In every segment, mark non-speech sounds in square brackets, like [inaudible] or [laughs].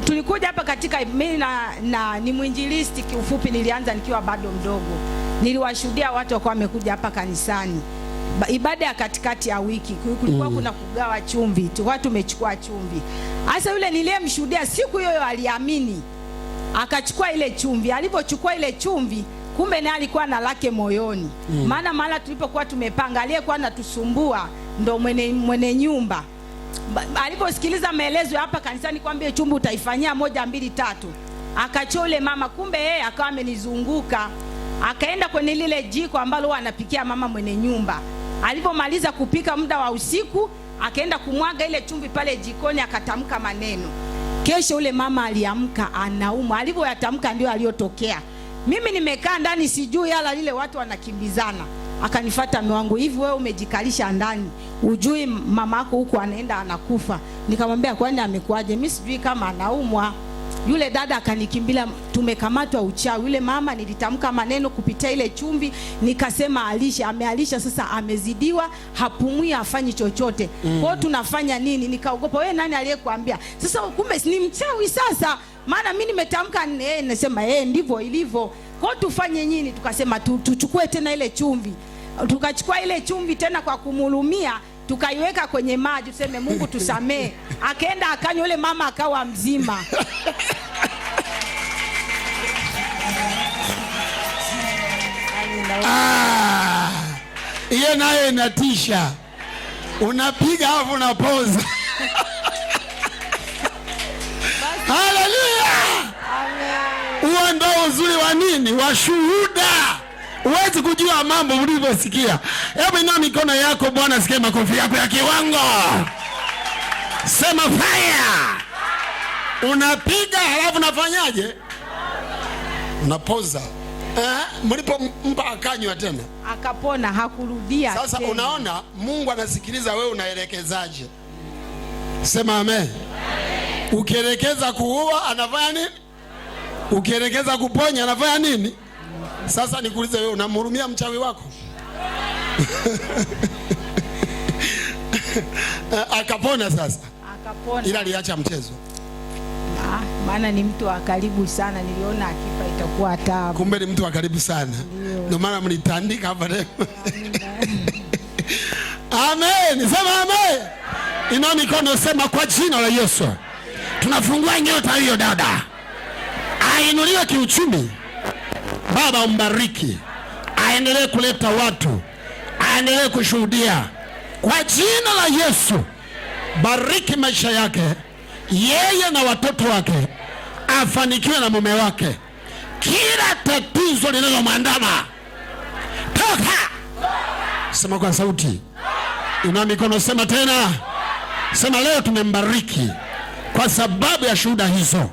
tulikuja hapa katika mimi na, na ni mwinjilisti kiufupi. Nilianza nikiwa bado mdogo, niliwashuhudia watu wakuwa wamekuja hapa kanisani ibada ya katikati ya wiki kulikuwa mm, kuna kugawa chumvi, watu tumechukua chumvi. Hasa yule niliyemshuhudia siku hiyo aliamini, akachukua ile chumvi. Alipochukua ile chumvi, kumbe naye alikuwa na lake moyoni, mm. maana mm, tulipokuwa tumepanga, aliyekuwa anatusumbua ndo mwenye, mwenye nyumba aliposikiliza maelezo hapa kanisani kwambie chumba utaifanyia moja mbili tatu, akachoa ule mama, kumbe yeye akawa amenizunguka. Akaenda kwenye lile jiko ambalo huwa anapikia mama mwenye nyumba. Alipomaliza kupika muda wa usiku, akaenda kumwaga ile chumvi pale jikoni, akatamka maneno. Kesho ule mama aliamka anaumwa, alivyoyatamka ndio aliyotokea. Mimi nimekaa ndani, sijui hala lile, watu wanakimbizana Akanifuata mume wangu, hivi wewe umejikalisha ndani, ujui mama yako huko anaenda anakufa. Nikamwambia kwani amekuaje? Mimi sijui kama anaumwa. Yule dada akanikimbilia, tumekamatwa uchawi. Yule mama nilitamka maneno kupitia ile chumvi, nikasema alisha, amealisha sasa, amezidiwa, hapumui, afanyi chochote mm. Kwao tunafanya nini? Nikaogopa, wewe nani aliyekuambia? Sasa kumbe ni mchawi sasa, maana mimi nimetamka eh, nasema eh, ndivyo ilivyo. Kwao tufanye nini? Tukasema tuchukue tena ile chumvi tukachukua ile chumvi tena kwa kumhurumia tukaiweka kwenye maji, tuseme Mungu tusamee. [laughs] Akaenda akanywa, yule mama akawa mzima. [laughs] Ah, hiyo ah, nayo inatisha. Unapiga afu unapoza. [laughs] Haleluya! Huo ndo uzuri wa nini? Wa shuhuda. Huwezi kujua mambo ulivyosikia Hebu inua mikono yako Bwana sikia makofi yako ya kiwango. Sema fire. Unapiga halafu unafanyaje? Unapoza. Eh, mlipompa akanywa tena akapona, hakurudia. Sasa tena, unaona Mungu anasikiliza wewe unaelekezaje. Sema amen, amen. Ukielekeza kuua anafanya nini? Ukielekeza kuponya anafanya nini? Sasa nikuulize wewe, unamhurumia mchawi wako? [laughs] Akapona sasa, akapona, ila aliacha mchezo maana ni mtu wa karibu sana, niliona akifa itakuwa taabu. Kumbe ni mtu wa karibu sana, ndio maana mlitandika hapa leo. [laughs] Amen, sema amen. Ina mikono, sema kwa jina la Yesu tunafungua nyota hiyo dada ainuliwe kiuchumi Baba umbariki, aendelee kuleta watu, aendelee kushuhudia kwa jina la Yesu. Bariki maisha yake yeye na watoto wake, afanikiwe na mume wake. Kila tatizo linalomwandama toka, sema kwa sauti, inua mikono, sema tena, sema leo tumembariki kwa sababu ya shuhuda hizo.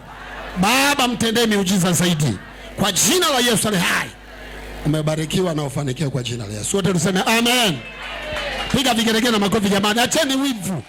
Baba, mtendee miujiza zaidi. Kwa jina la Yesu ali hai, umebarikiwa na ufanikiwe kwa jina la Yesu. Wote tuseme amen, amen. Piga vigeregere na makofi jamani, acheni wivu.